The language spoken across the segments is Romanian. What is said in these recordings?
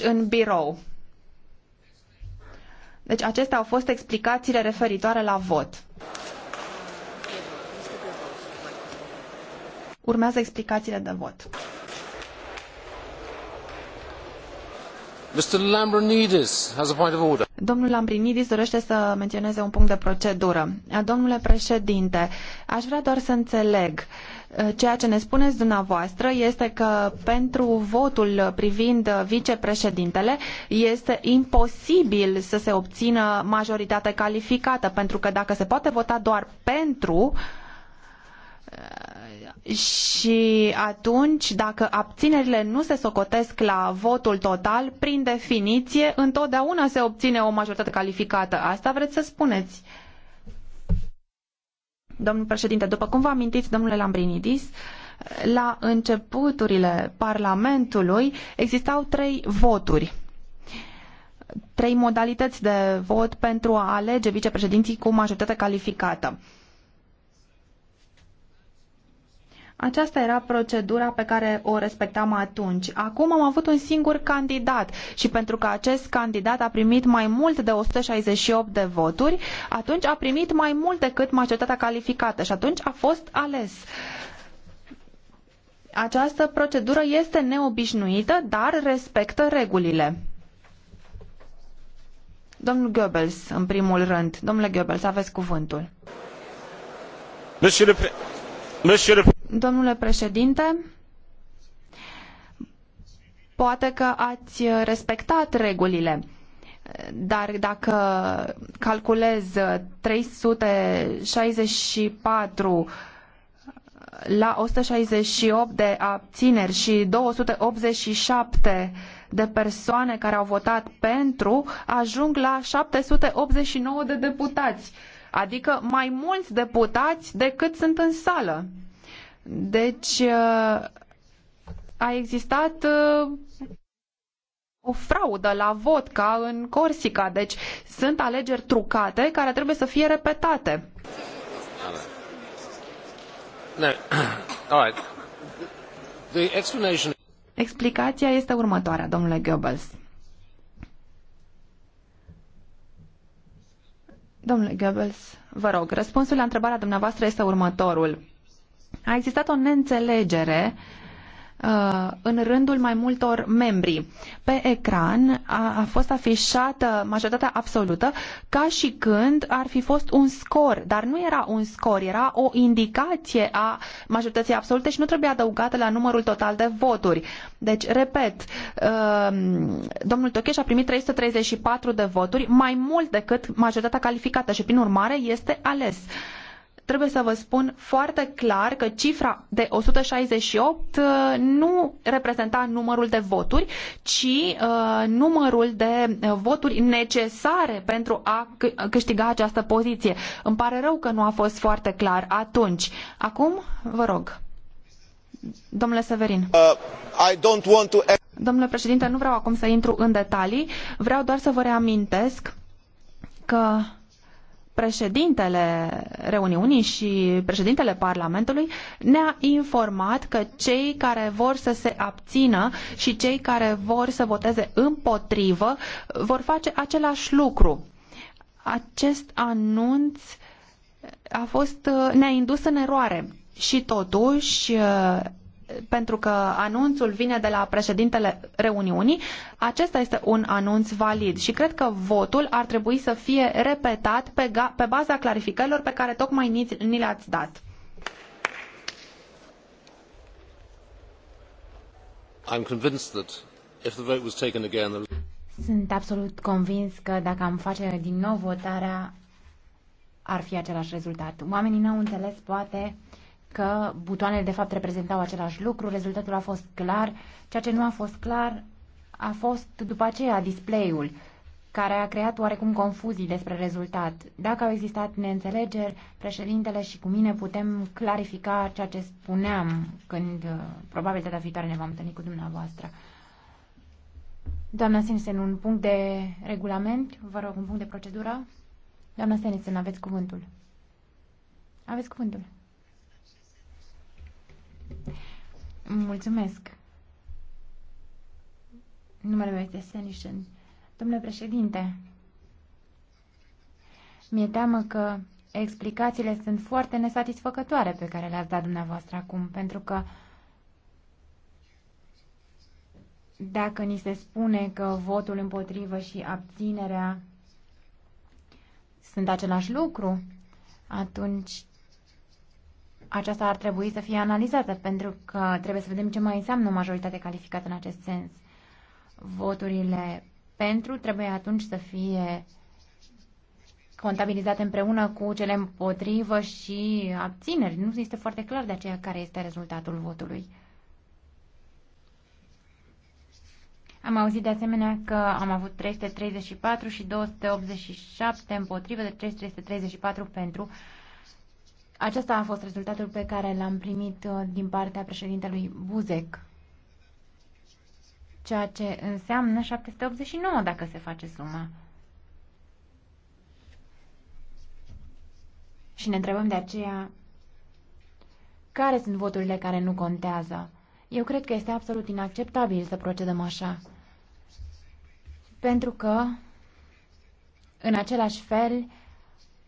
în birou. Deci acestea au fost explicațiile referitoare la vot. Urmează explicațiile de vot. Mr. Lambrinidis has a point of order. Domnul Lambrinidis dorește să menționeze un punct de procedură. Domnule președinte, aș vrea doar să înțeleg. Ceea ce ne spuneți dumneavoastră este că pentru votul privind vicepreședintele este imposibil să se obțină majoritate calificată, pentru că dacă se poate vota doar pentru, și atunci, dacă abținerile nu se socotesc la votul total, prin definiție, întotdeauna se obține o majoritate calificată. Asta vreți să spuneți? Domnul președinte, după cum vă amintiți, domnule Lambrinidis, la începuturile Parlamentului existau trei voturi trei modalități de vot pentru a alege vicepreședinții cu majoritate calificată. Aceasta era procedura pe care o respectam atunci. Acum am avut un singur candidat și pentru că acest candidat a primit mai mult de 168 de voturi, atunci a primit mai mult decât majoritatea calificată și atunci a fost ales. Această procedură este neobișnuită, dar respectă regulile. Domnul Goebbels, în primul rând. Domnule Goebbels, aveți cuvântul. Monsieur le... Monsieur le... Domnule președinte, poate că ați respectat regulile, dar dacă calculez 364 la 168 de abțineri și 287 de persoane care au votat pentru, ajung la 789 de deputați, adică mai mulți deputați decât sunt în sală. Deci uh, a existat uh, o fraudă la vot ca în Corsica. Deci sunt alegeri trucate care trebuie să fie repetate. Explicația este următoarea, domnule Goebbels. Domnule Goebbels, vă rog, răspunsul la întrebarea dumneavoastră este următorul. A existat o neînțelegere uh, în rândul mai multor membri. Pe ecran a, a fost afișată majoritatea absolută ca și când ar fi fost un scor, dar nu era un scor, era o indicație a majorității absolute și nu trebuie adăugată la numărul total de voturi. Deci, repet, uh, domnul Tocheș a primit 334 de voturi, mai mult decât majoritatea calificată și, prin urmare, este ales trebuie să vă spun foarte clar că cifra de 168 uh, nu reprezenta numărul de voturi, ci uh, numărul de uh, voturi necesare pentru a câștiga această poziție. Îmi pare rău că nu a fost foarte clar atunci. Acum, vă rog. Domnule Severin. Uh, to... Domnule președinte, nu vreau acum să intru în detalii. Vreau doar să vă reamintesc că președintele reuniunii și președintele Parlamentului ne-a informat că cei care vor să se abțină și cei care vor să voteze împotrivă vor face același lucru. Acest anunț a fost, ne-a indus în eroare și totuși pentru că anunțul vine de la președintele reuniunii, acesta este un anunț valid și cred că votul ar trebui să fie repetat pe, pe baza clarificărilor pe care tocmai ni, ni le-ați dat. I'm convinced that if the vote was taken again... Sunt absolut convins că dacă am face din nou votarea, ar fi același rezultat. Oamenii n-au înțeles, poate, uh, că butoanele de fapt reprezentau același lucru, rezultatul a fost clar, ceea ce nu a fost clar a fost după aceea display-ul, care a creat oarecum confuzii despre rezultat. Dacă au existat neînțelegeri, președintele și cu mine putem clarifica ceea ce spuneam când uh, probabil data viitoare ne vom întâlni cu dumneavoastră. Doamna Sinsen, un punct de regulament, vă rog, un punct de procedură. Doamna Sinsen, aveți cuvântul. Aveți cuvântul. Mulțumesc. Numele meu este Senishin. Domnule președinte, mi-e teamă că explicațiile sunt foarte nesatisfăcătoare pe care le-ați dat dumneavoastră acum, pentru că dacă ni se spune că votul împotrivă și abținerea sunt același lucru, atunci aceasta ar trebui să fie analizată, pentru că trebuie să vedem ce mai înseamnă majoritate calificată în acest sens. Voturile pentru trebuie atunci să fie contabilizate împreună cu cele împotrivă și abțineri. Nu este foarte clar de aceea care este rezultatul votului. Am auzit de asemenea că am avut 334 și 287 împotrivă, de deci 334 pentru. Acesta a fost rezultatul pe care l-am primit uh, din partea președintelui Buzek, ceea ce înseamnă 789 dacă se face suma. Și ne întrebăm de aceea care sunt voturile care nu contează. Eu cred că este absolut inacceptabil să procedăm așa. Pentru că, în același fel,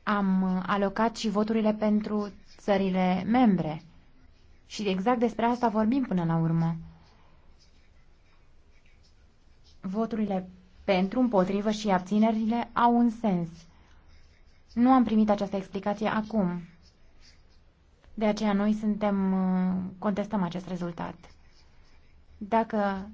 am uh, alocat și voturile pentru țările membre. Și exact despre asta vorbim până la urmă. Voturile pentru, împotrivă și abținerile au un sens. Nu am primit această explicație acum. De aceea noi suntem, uh, contestăm acest rezultat. Dacă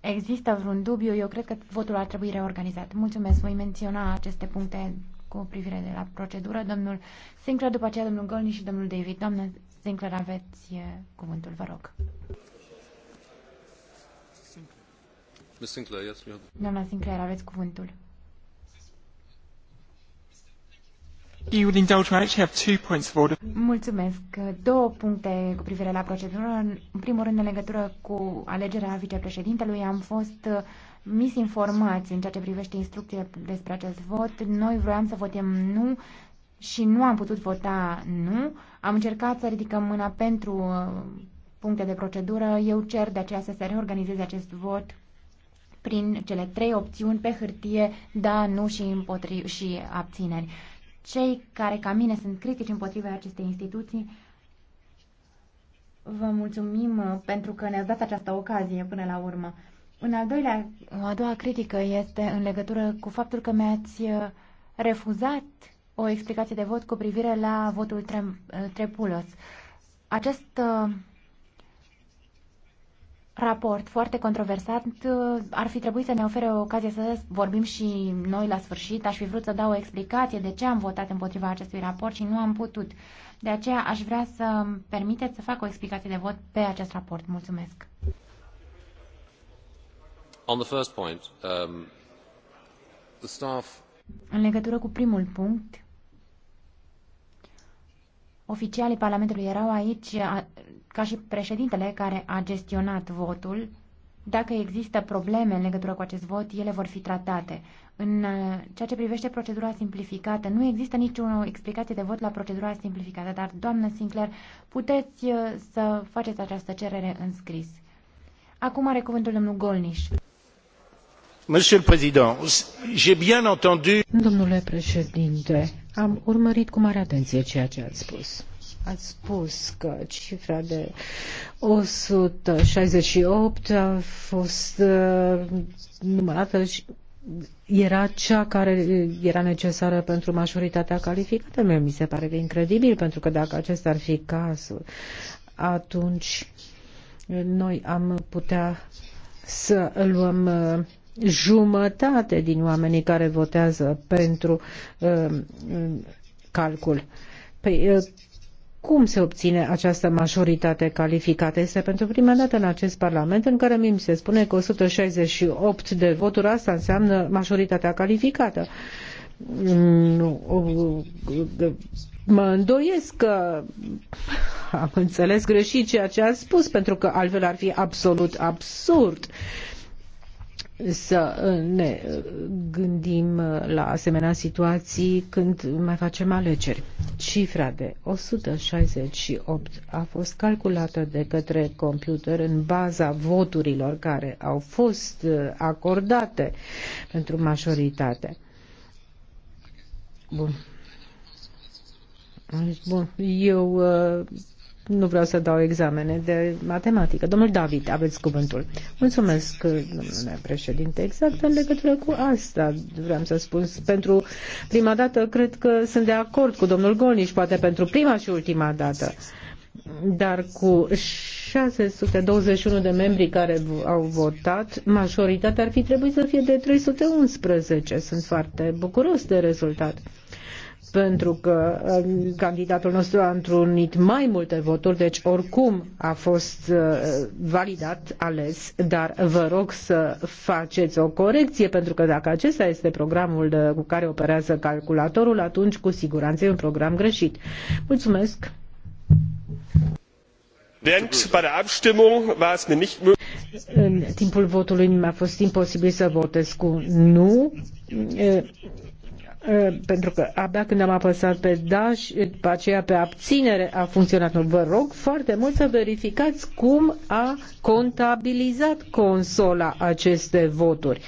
există vreun dubiu, eu cred că votul ar trebui reorganizat. Mulțumesc, voi menționa aceste puncte cu privire de la procedură, domnul Sinclair, după aceea domnul Golni și domnul David. Doamne Sinclair, aveți eh, cuvântul, vă rog. Sinclair, yes, have... Doamna Sinclair, aveți cuvântul. Mulțumesc. Două puncte cu privire la procedură. În primul rând, în legătură cu alegerea vicepreședintelui, am fost misinformați în ceea ce privește instrucțiile despre acest vot. Noi vroiam să votăm nu și nu am putut vota nu. Am încercat să ridicăm mâna pentru uh, puncte de procedură. Eu cer de aceea să se reorganizeze acest vot prin cele trei opțiuni pe hârtie, da, nu și, împotri- și abțineri. Cei care, ca mine, sunt critici împotriva acestei instituții, vă mulțumim uh, pentru că ne-ați dat această ocazie până la urmă. În al doilea, a doua critică este în legătură cu faptul că mi-ați uh, refuzat o explicație de vot cu privire la votul tre uh, Trepulos. Acest uh, raport foarte controversat ar fi trebuit să ne ofere o ocazie să vorbim și noi la sfârșit. Aș fi vrut să dau o explicație de ce am votat împotriva acestui raport și nu am putut. De aceea aș vrea să permiteți să fac o explicație de vot pe acest raport. Mulțumesc! Um, în legătură cu primul punct, oficialii Parlamentului erau aici ca și președintele care a gestionat votul. Dacă există probleme în legătură cu acest vot, ele vor fi tratate. În uh, ceea ce privește procedura simplificată, nu există nicio explicație de vot la procedura simplificată, dar, doamnă Sinclair, puteți uh, să faceți această cerere în scris. Acum are cuvântul domnul Golniș. Domnule președinte, am urmărit cu mare atenție ceea ce ați spus. Ați spus că cifra de 168 a fost uh, numărată și era cea care era necesară pentru majoritatea calificată. Mie mi se pare incredibil, pentru că dacă acesta ar fi cazul, atunci noi am putea să luăm uh, jumătate din oamenii care votează pentru um, calcul. Păi, uh, cum se obține această majoritate calificată? Este pentru prima dată în acest Parlament în care mi se spune că 168 de voturi asta înseamnă majoritatea calificată. Nu, mm, uh, mă îndoiesc că am înțeles greșit ceea ce a spus, pentru că altfel ar fi absolut absurd să uh, ne uh, gândim uh, la asemenea situații când mai facem alegeri. Cifra de 168 a fost calculată de către computer în baza voturilor care au fost acordate pentru majoritate. Bun. Deci, bun. Eu nu vreau să dau examene de matematică. Domnul David, aveți cuvântul. Mulțumesc, domnule președinte. Exact în legătură cu asta vreau să spun. Pentru prima dată cred că sunt de acord cu domnul Golniș, poate pentru prima și ultima dată. Dar cu 621 de membri care au votat, majoritatea ar fi trebuit să fie de 311. Sunt foarte bucuros de rezultat pentru că uh, candidatul nostru a întrunit mai multe voturi, deci oricum a fost uh, validat, ales, dar vă rog să faceți o corecție, pentru că dacă acesta este programul uh, cu care operează calculatorul, atunci cu siguranță e un program greșit. Mulțumesc! În timpul votului mi-a fost imposibil să votez cu nu Ă, pentru că abia când am apăsat pe da și după aceea pe abținere a funcționat. Vă rog foarte mult să verificați cum a contabilizat consola aceste voturi.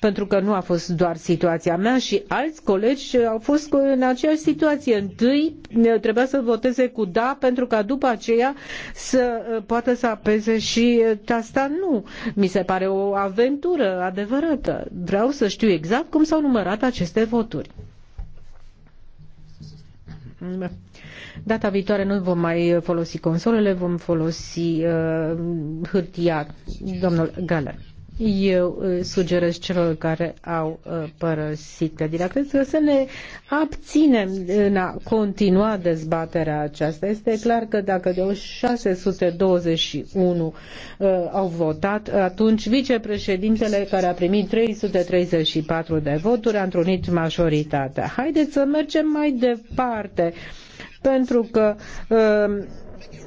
Pentru că nu a fost doar situația mea și alți colegi au fost în aceeași situație. Întâi trebuia să voteze cu da pentru ca după aceea să ă, poată să apeze și ă, tasta nu. Mi se pare o aventură adevărată. Vreau să știu exact cum s-au numărat aceste voturi. Data viitoare nu vom mai folosi consolele, vom folosi uh, hârtia. Domnul Galer eu uh, sugerez celor care au uh, părăsit clădirea. Cred că să ne abținem în a continua dezbaterea aceasta. Este clar că dacă de 621 uh, au votat, atunci vicepreședintele care a primit 334 de voturi a întrunit majoritatea. Haideți să mergem mai departe, pentru că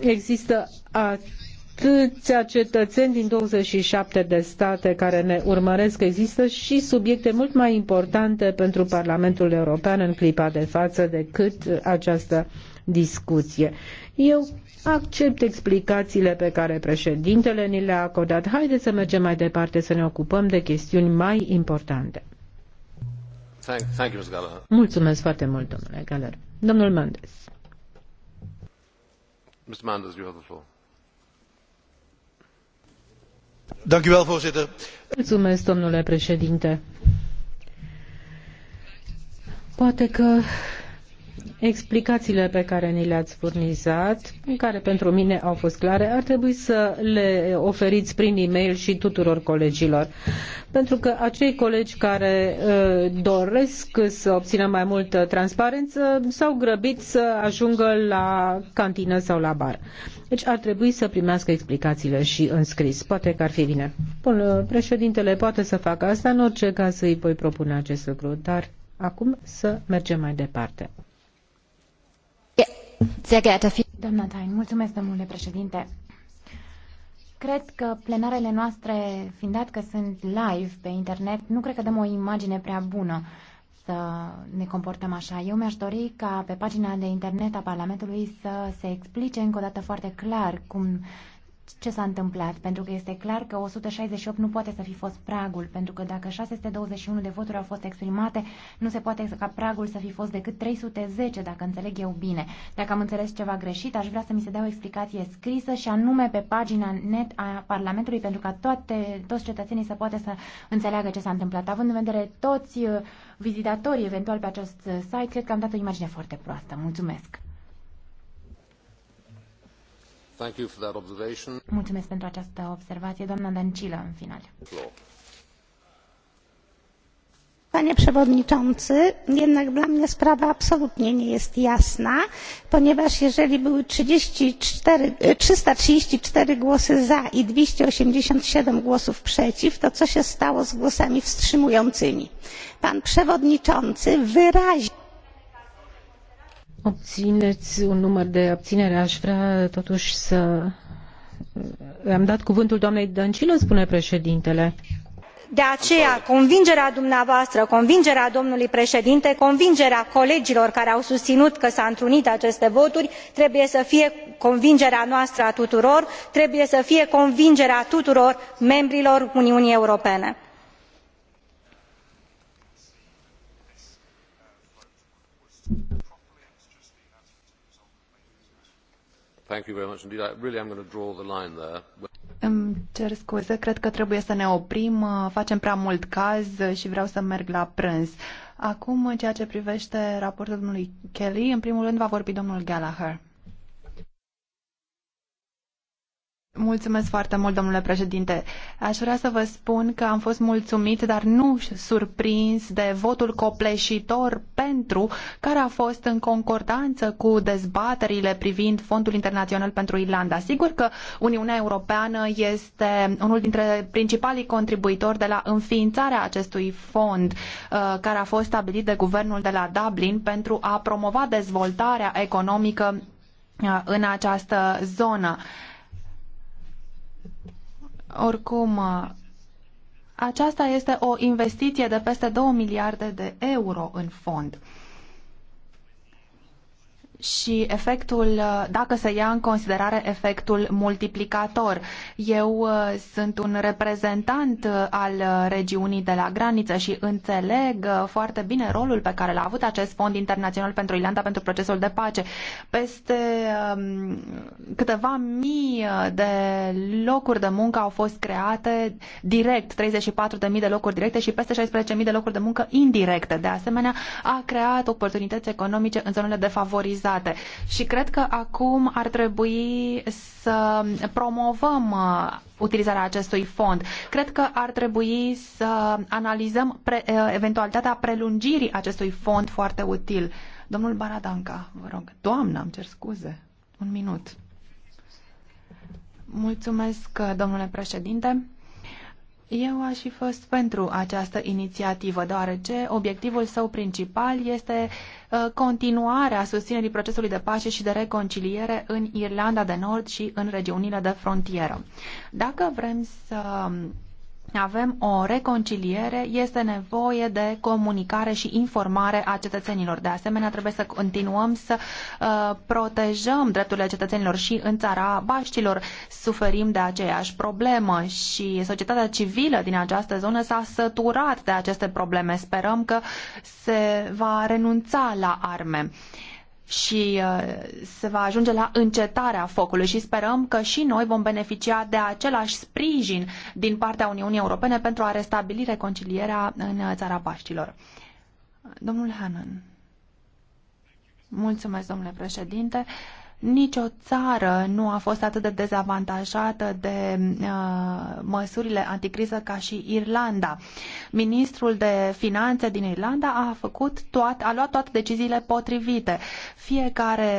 există atâția cetățeni din 27 de state care ne urmăresc, există și subiecte mult mai importante pentru Parlamentul European în clipa de față decât această discuție. Eu accept explicațiile pe care președintele ni le-a acordat. Haideți să mergem mai departe, să ne ocupăm de chestiuni mai importante. Thank, thank you, Mulțumesc foarte mult, domnule Galer. Domnul Mendes. Mr. Mendes, you have the floor. Mulțumesc, domnule președinte. Poate că explicațiile pe care ni le-ați furnizat, care pentru mine au fost clare, ar trebui să le oferiți prin e-mail și tuturor colegilor. Pentru că acei colegi care uh, doresc să obțină mai multă transparență s-au grăbit să ajungă la cantină sau la bar. Deci ar trebui să primească explicațiile și în scris. Poate că ar fi bine. Bun, uh, președintele poate să facă asta, în orice caz îi voi propune acest lucru, dar acum să mergem mai departe domnule președinte. Cred că plenarele noastre, fiind dat că sunt live pe internet, nu cred că dăm o imagine prea bună să ne comportăm așa. Eu mi-aș dori ca pe pagina de internet a Parlamentului să se explice încă o dată foarte clar cum ce s-a întâmplat, pentru că este clar că 168 nu poate să fi fost pragul, pentru că dacă 621 de voturi au fost exprimate, nu se poate ca pragul să fi fost decât 310, dacă înțeleg eu bine. Dacă am înțeles ceva greșit, aș vrea să mi se dea o explicație scrisă și anume pe pagina net a Parlamentului, pentru ca toate, toți cetățenii să poată să înțeleagă ce s-a întâmplat. Având în vedere toți uh, vizitatorii eventual pe acest uh, site, cred că am dat o imagine foarte proastă. Mulțumesc! Thank you for that observation. Mulțumesc pentru această observație, doamna Dancilă, în final. Panie Przewodniczący, jednak dla mnie sprawa absolutnie nie jest jasna, ponieważ jeżeli były 34, 334 głosy za i 287 głosów przeciw, to co się stało z głosami wstrzymującymi? Pan Przewodniczący wyraźnie obțineți un număr de abținere. Aș vrea totuși să... Am dat cuvântul doamnei Dăncilă, spune președintele. De aceea, convingerea dumneavoastră, convingerea domnului președinte, convingerea colegilor care au susținut că s-a întrunit aceste voturi, trebuie să fie convingerea noastră a tuturor, trebuie să fie convingerea tuturor membrilor Uniunii Europene Îmi cer scuze, cred că trebuie să ne oprim, uh, facem prea mult caz uh, și vreau să merg la prânz. Acum, în ceea ce privește raportul domnului Kelly, în primul rând va vorbi domnul Gallagher. Mulțumesc foarte mult, domnule președinte. Aș vrea să vă spun că am fost mulțumit, dar nu surprins de votul copleșitor pentru, care a fost în concordanță cu dezbaterile privind Fondul Internațional pentru Irlanda. Sigur că Uniunea Europeană este unul dintre principalii contribuitori de la înființarea acestui fond, uh, care a fost stabilit de guvernul de la Dublin pentru a promova dezvoltarea economică uh, în această zonă. Oricum, aceasta este o investiție de peste 2 miliarde de euro în fond și efectul, dacă se ia în considerare efectul multiplicator. Eu uh, sunt un reprezentant uh, al regiunii de la graniță și înțeleg uh, foarte bine rolul pe care l-a avut acest fond internațional pentru Irlanda pentru procesul de pace. Peste um, câteva mii de locuri de muncă au fost create direct, 34.000 de locuri directe și peste 16.000 de locuri de muncă indirecte. De asemenea, a creat oportunități economice în zonele defavorizate societate. Și cred că acum ar trebui să promovăm uh, utilizarea acestui fond. Cred că ar trebui să analizăm pre, uh, eventualitatea prelungirii acestui fond foarte util. Domnul Baradanca, vă rog. Doamnă, îmi cer scuze. Un minut. Mulțumesc, uh, domnule președinte. Eu aș fi fost pentru această inițiativă, deoarece obiectivul său principal este uh, continuarea susținerii procesului de pace și de reconciliere în Irlanda de Nord și în regiunile de frontieră. Dacă vrem să avem o reconciliere, este nevoie de comunicare și informare a cetățenilor. De asemenea, trebuie să continuăm să uh, protejăm drepturile cetățenilor și în țara Baștilor. Suferim de aceeași problemă și societatea civilă din această zonă s-a săturat de aceste probleme. Sperăm că se va renunța la arme. Uh, și uh, se va ajunge la încetarea focului și sperăm că și noi vom beneficia de același sprijin din partea Uniunii Europene pentru a restabili reconcilierea în uh, țara Paștilor. Domnul Hanan. Mulțumesc, domnule președinte. Nicio țară nu a fost atât de dezavantajată de uh, măsurile anticriză ca și Irlanda. Ministrul de Finanțe din Irlanda a, făcut toate, a luat toate deciziile potrivite. Fiecare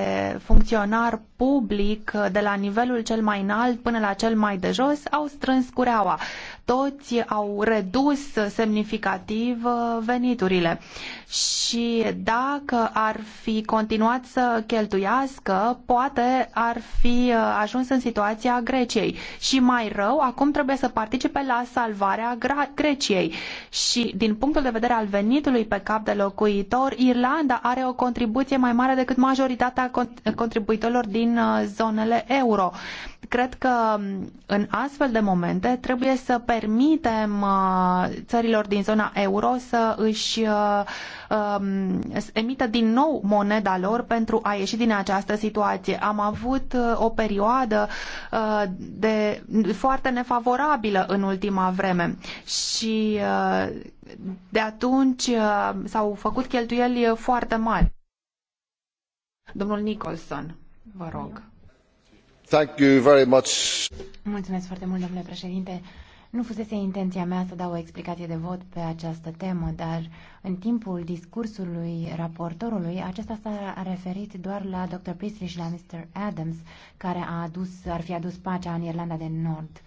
funcționar public, de la nivelul cel mai înalt până la cel mai de jos, au strâns cureaua. Toți au redus semnificativ uh, veniturile și dacă ar fi continuat să cheltuiască, poate ar fi uh, ajuns în situația Greciei. Și mai rău, acum trebuie să participe la salvarea Greciei. Și din punctul de vedere al venitului pe cap de locuitor, Irlanda are o contribuție mai mare decât majoritatea contribuitorilor din uh, zonele euro. Cred că um, în astfel de momente trebuie să permitem uh, țărilor din zona euro să își Um, emită din nou moneda lor pentru a ieși din această situație. Am avut uh, o perioadă uh, de, foarte nefavorabilă în ultima vreme și uh, de atunci s-au făcut cheltuieli foarte mari. Domnul Nicholson, vă rog. Thank you very much. Mulțumesc foarte mult, domnule președinte. Nu fusese intenția mea să dau o explicație de vot pe această temă, dar în timpul discursului raportorului, acesta s-a referit doar la Dr. Priestley și la Mr. Adams, care a adus, ar fi adus pacea în Irlanda de Nord.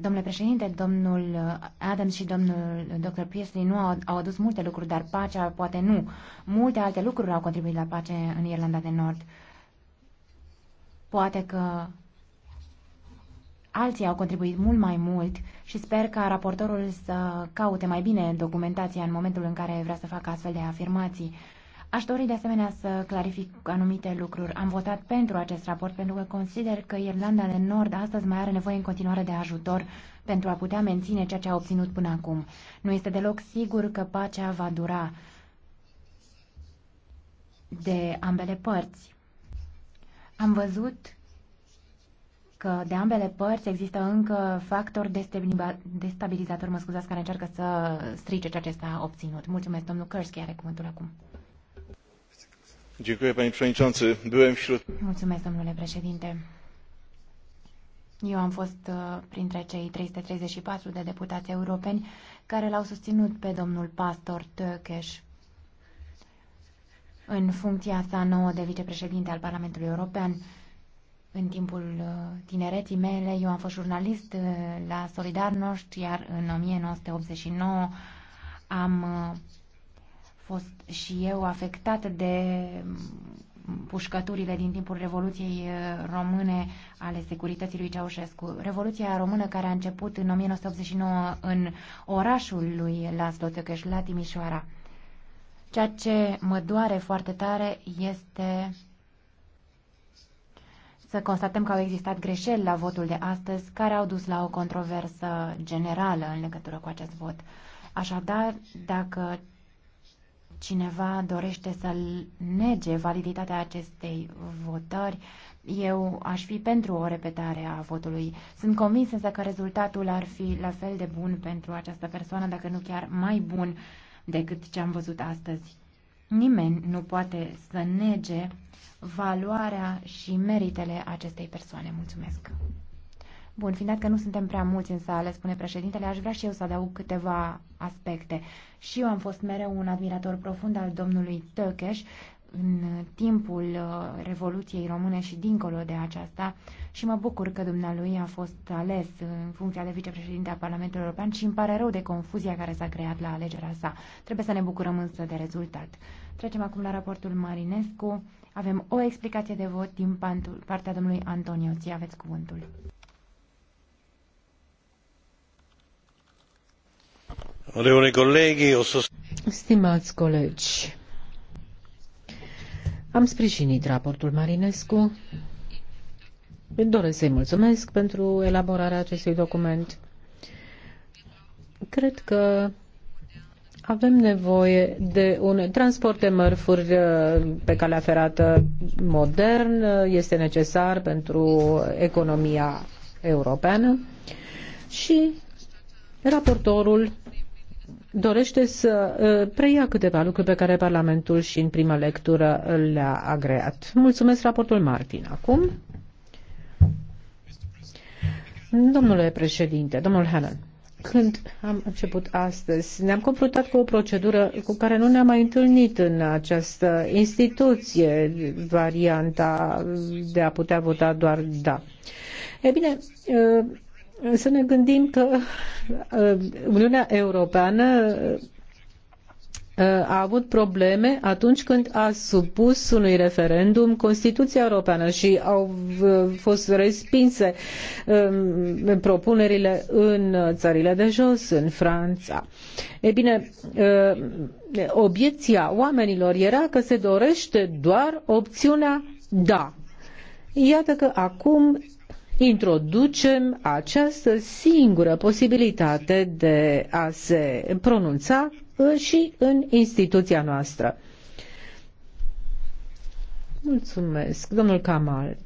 Domnule președinte, domnul Adams și domnul dr. Priestley nu au, au adus multe lucruri, dar pacea poate nu. Multe alte lucruri au contribuit la pace în Irlanda de Nord. Poate că Alții au contribuit mult mai mult și sper ca raportorul să caute mai bine documentația în momentul în care vrea să facă astfel de afirmații. Aș dori de asemenea să clarific anumite lucruri. Am votat pentru acest raport pentru că consider că Irlanda de Nord astăzi mai are nevoie în continuare de ajutor pentru a putea menține ceea ce a obținut până acum. Nu este deloc sigur că pacea va dura de ambele părți. Am văzut că de ambele părți există încă factori destabilizatori, mă scuzați, care încearcă să strice ceea ce s-a obținut. Mulțumesc, domnul Kersky, are cuvântul acum. Mulțumesc, domnule președinte. Eu am fost uh, printre cei 334 de deputați europeni care l-au susținut pe domnul pastor Tökeș în funcția sa nouă de vicepreședinte al Parlamentului European în timpul uh, tinereții mele, eu am fost jurnalist uh, la Solidarność, iar în 1989 am uh, fost și eu afectată de mm, pușcăturile din timpul Revoluției Române ale securității lui Ceaușescu. Revoluția română care a început în 1989 în orașul lui Laszlo Tăcăș, la Timișoara. Ceea ce mă doare foarte tare este să constatăm că au existat greșeli la votul de astăzi care au dus la o controversă generală în legătură cu acest vot. Așadar, dacă cineva dorește să nege validitatea acestei votări, eu aș fi pentru o repetare a votului. Sunt convins însă că rezultatul ar fi la fel de bun pentru această persoană, dacă nu chiar mai bun decât ce am văzut astăzi. Nimeni nu poate să nege valoarea și meritele acestei persoane. Mulțumesc! Bun, fiind că nu suntem prea mulți în sală, spune președintele, aș vrea și eu să adaug câteva aspecte. Și eu am fost mereu un admirator profund al domnului Tăcheș în timpul uh, Revoluției Române și dincolo de aceasta și mă bucur că dumnealui a fost ales în funcția de vicepreședinte a Parlamentului European și îmi pare rău de confuzia care s-a creat la alegerea sa. Trebuie să ne bucurăm însă de rezultat. Trecem acum la raportul Marinescu. Avem o explicație de vot din partea domnului Antonio. Ți aveți cuvântul. Stimați colegi, am sprijinit raportul Marinescu. Îi doresc să-i mulțumesc pentru elaborarea acestui document. Cred că avem nevoie de un transport de mărfuri uh, pe calea ferată modern, uh, este necesar pentru economia europeană și raportorul dorește să uh, preia câteva lucruri pe care Parlamentul și în prima lectură le-a agreat. Mulțumesc raportul Martin. Acum, domnule președinte, domnul Hannan. Când am început astăzi, ne-am confruntat cu o procedură cu care nu ne-am mai întâlnit în această instituție, varianta de a putea vota doar da. E bine, să ne gândim că uh, Uniunea Europeană Uh, a avut probleme atunci când a supus unui referendum Constituția Europeană și au fost respinse um, propunerile în țările de jos, în Franța. E bine, uh, obiecția oamenilor era că se dorește doar opțiunea da. Iată că acum introducem această singură posibilitate de a se pronunța și în instituția noastră. Mulțumesc, domnul Kamal.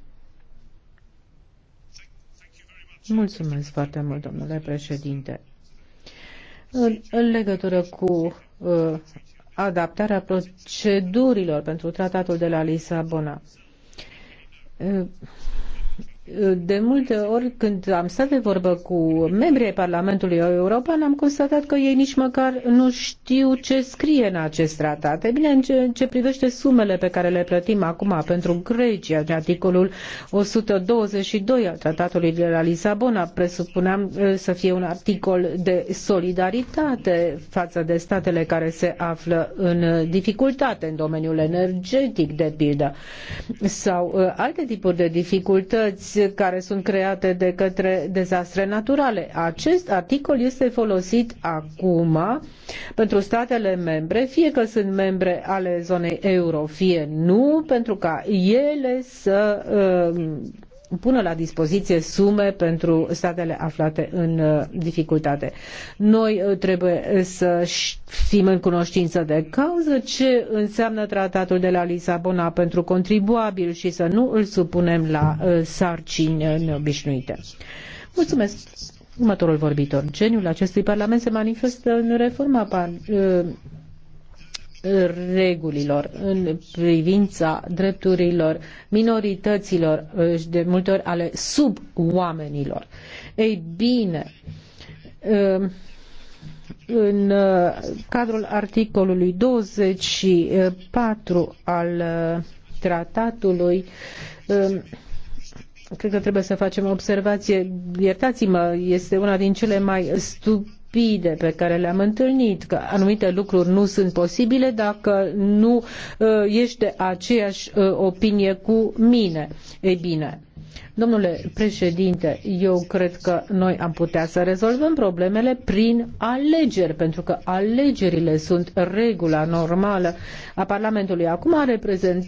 Mulțumesc foarte mult, domnule președinte. În, în legătură cu uh, adaptarea procedurilor pentru tratatul de la Lisabona, uh, de multe ori când am stat de vorbă cu membrii Parlamentului European, am constatat că ei nici măcar nu știu ce scrie în acest tratat. E bine, în ce, în ce privește sumele pe care le plătim acum pentru Grecia, în articolul 122 al tratatului de la Lisabona, presupuneam să fie un articol de solidaritate față de statele care se află în dificultate în domeniul energetic, de pildă, sau alte tipuri de dificultăți morți care sunt create de către dezastre naturale. Acest articol este folosit acum pentru statele membre, fie că sunt membre ale zonei euro, fie nu, pentru ca ele să uh, pună la dispoziție sume pentru statele aflate în uh, dificultate. Noi uh, trebuie să fim în cunoștință de cauză ce înseamnă tratatul de la Lisabona pentru contribuabil și să nu îl supunem la uh, sarcini neobișnuite. Mulțumesc! Următorul vorbitor. Geniul acestui parlament se manifestă în reforma regulilor în privința drepturilor minorităților și de multe ori ale sub oamenilor. Ei bine, um, în uh, cadrul articolului 24 al uh, tratatului um, cred că trebuie să facem o observație. Iertați-mă, este una din cele mai stup rapide pe care le-am întâlnit, că anumite lucruri nu sunt posibile dacă nu uh, ești de aceeași uh, opinie cu mine. Ei bine, Domnule președinte, eu cred că noi am putea să rezolvăm problemele prin alegeri, pentru că alegerile sunt regula normală a Parlamentului. Acum reprezent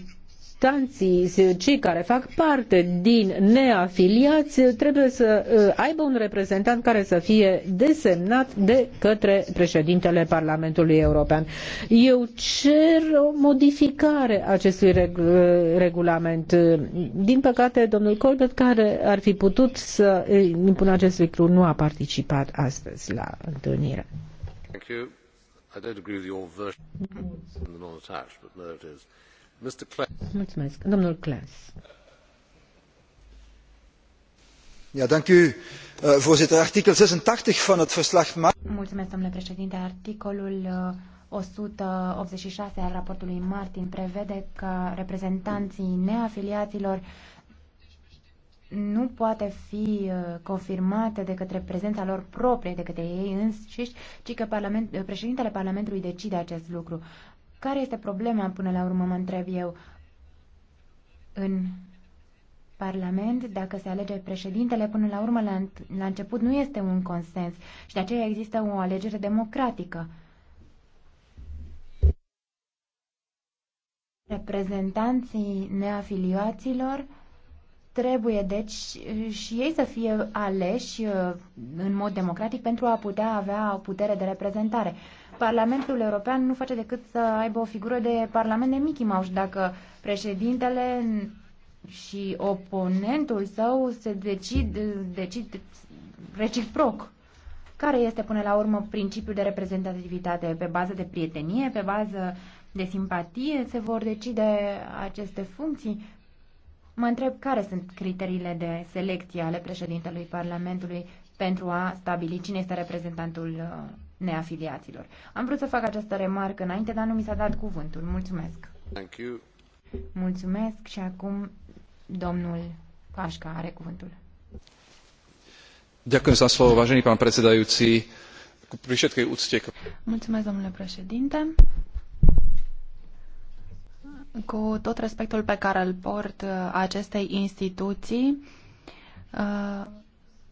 reprezentanții, cei care fac parte din neafiliați, trebuie să uh, aibă un reprezentant care să fie desemnat de către președintele Parlamentului European. Eu cer o modificare acestui reg uh, regulament. Din păcate, domnul Colbert, care ar fi putut să uh, impună acest lucru, nu a participat astăzi la întâlnire. Thank you. I don't agree with your version of the non-attached, but there it is. Mulțumesc. Domnul Klaas. Ja, dank u, eh, voorzitter. Artikel 86 van het verslag. Mulțumesc, domnule președinte. Articolul 186 eh, al raportului Martin prevede că reprezentanții neafiliaților nu poate fi eh, confirmată de către prezența lor proprie, de către ei înșiși, ci că parlament, președintele Parlamentului decide acest lucru. Care este problema, până la urmă, mă întreb eu, în Parlament, dacă se alege președintele, până la urmă, la, la început nu este un consens și de aceea există o alegere democratică. Reprezentanții neafiliaților trebuie, deci, și ei să fie aleși uh, în mod democratic pentru a putea avea o putere de reprezentare. Parlamentul European nu face decât să aibă o figură de parlament de Mickey Mouse dacă președintele și oponentul său se decid, decid reciproc. Care este până la urmă principiul de reprezentativitate? Pe bază de prietenie, pe bază de simpatie se vor decide aceste funcții? Mă întreb care sunt criteriile de selecție ale președintelui Parlamentului pentru a stabili cine este reprezentantul uh, neafiliaților. Am vrut să fac această remarcă înainte, dar nu mi s-a dat cuvântul. Mulțumesc! Thank you. Mulțumesc și acum domnul Pașca are cuvântul. Ďakujem za slovo, vážený pán predsedajúci. Pri všetkej úcte. Mulțumesc, domnule președinte. Cu tot respectul pe care îl port uh, acestei instituții, uh,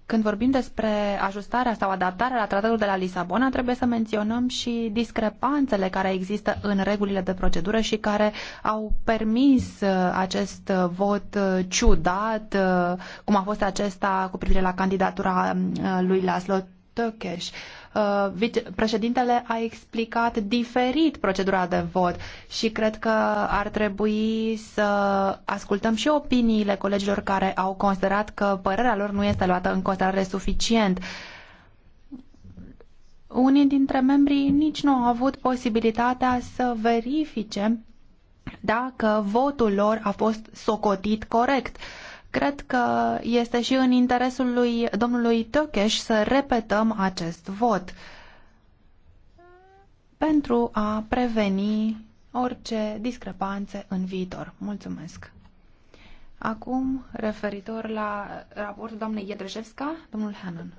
când vorbim despre ajustarea sau adaptarea la tratatul de la Lisabona, trebuie să menționăm și discrepanțele care există în regulile de procedură și care au permis uh, acest uh, vot uh, ciudat, cum a fost acesta cu privire la candidatura lui Laszlo Tökes Uh, președintele a explicat diferit procedura de vot și cred că ar trebui să ascultăm și opiniile colegilor care au considerat că părerea lor nu este luată în considerare suficient. Unii dintre membrii nici nu au avut posibilitatea să verifice dacă votul lor a fost socotit corect. Uh, Cred că este și în interesul lui domnului Tokes să repetăm acest vot pentru a preveni orice discrepanțe în viitor. Mulțumesc! Acum, referitor la raportul doamnei Iedreșevska, domnul Hannan.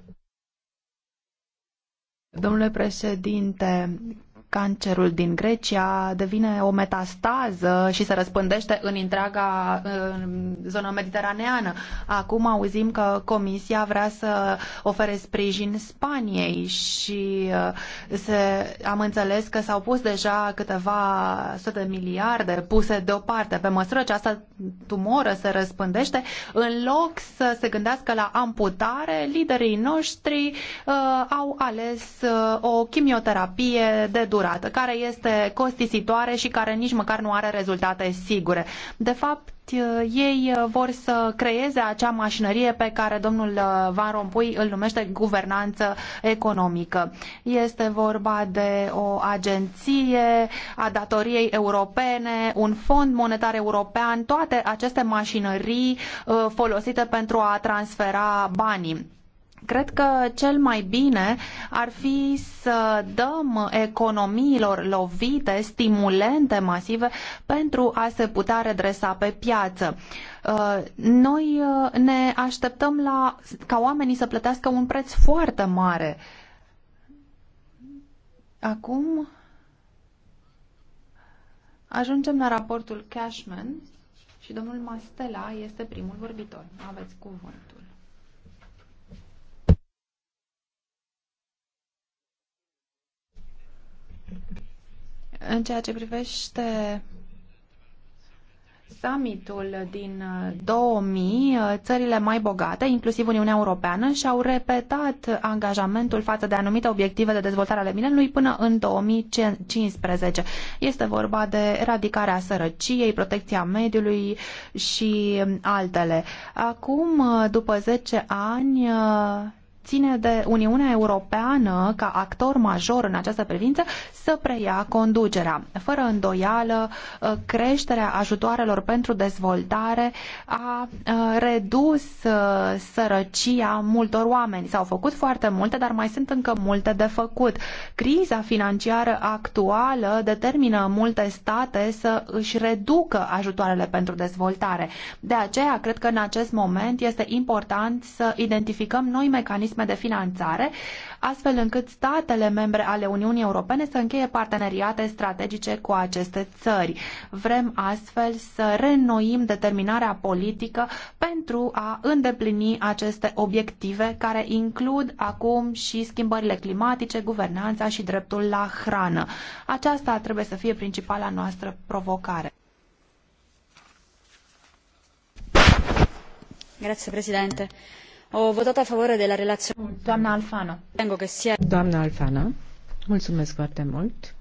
Domnule președinte, cancerul din Grecia devine o metastază și se răspândește în întreaga în zonă mediteraneană. Acum auzim că Comisia vrea să ofere sprijin Spaniei și uh, se, am înțeles că s-au pus deja câteva sute de miliarde puse deoparte. Pe măsură ce această tumoră se răspândește, în loc să se gândească la amputare, liderii noștri uh, au ales uh, o chimioterapie de durată, care este costisitoare și care nici măcar nu are rezultate sigure. De fapt, ei vor să creeze acea mașinărie pe care domnul Van Rompuy îl numește guvernanță economică. Este vorba de o agenție a datoriei europene, un fond monetar european, toate aceste mașinării uh, folosite pentru a transfera banii Cred că cel mai bine ar fi să dăm economiilor lovite stimulente masive pentru a se putea redresa pe piață. Uh, noi uh, ne așteptăm la, ca oamenii să plătească un preț foarte mare. Acum ajungem la raportul Cashman și domnul Mastela este primul vorbitor. Aveți cuvântul. În ceea ce privește summitul din 2000, uh, uh, țările mai bogate, inclusiv Uniunea Europeană, și-au repetat angajamentul față de anumite obiective de dezvoltare ale mileniului până în 2015. Este vorba de eradicarea sărăciei, protecția mediului și um, altele. Acum, uh, după 10 ani, ține de Uniunea Europeană ca actor major în această privință să preia conducerea. Fără îndoială, uh, creșterea ajutoarelor pentru dezvoltare a uh, redus uh, sărăcia multor oameni. S-au făcut foarte multe, dar mai sunt încă multe de făcut. Criza financiară actuală determină multe state să își reducă ajutoarele pentru dezvoltare. De aceea, cred că în acest moment este important să identificăm noi mecanisme mecanisme de finanțare, astfel încât statele membre ale Uniunii Europene să încheie parteneriate strategice cu aceste țări. Vrem astfel să reînnoim determinarea politică pentru a îndeplini aceste obiective care includ acum și schimbările climatice, guvernanța și dreptul la hrană. Aceasta trebuie să fie principala noastră provocare. Grazie, Presidente votat a favore la relazione. Doamna Alfano. Doamna Alfano, mulțumesc foarte mult.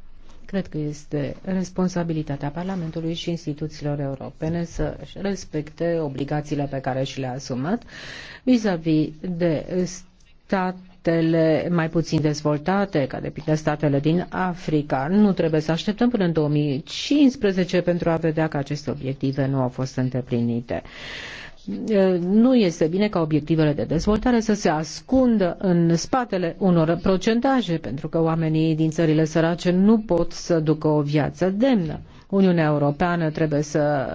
Cred că este responsabilitatea Parlamentului și instituțiilor europene să respecte obligațiile pe care și le-a asumat vis-a-vis de statele mai puțin dezvoltate, ca de pildă statele din Africa. Nu trebuie să așteptăm până în 2015 pentru a vedea că aceste obiective nu au fost îndeplinite nu este bine ca obiectivele de dezvoltare să se ascundă în spatele unor procentaje, pentru că oamenii din țările sărace nu pot să ducă o viață demnă. Uniunea Europeană trebuie să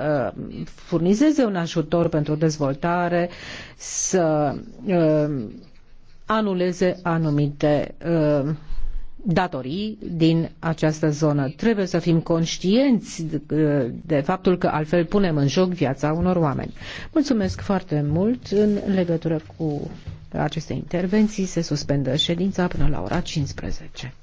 furnizeze un ajutor pentru dezvoltare, să anuleze anumite uh, datorii din această zonă. Trebuie să fim conștienți de faptul că altfel punem în joc viața unor oameni. Mulțumesc foarte mult în legătură cu aceste intervenții. Se suspendă ședința până la ora 15.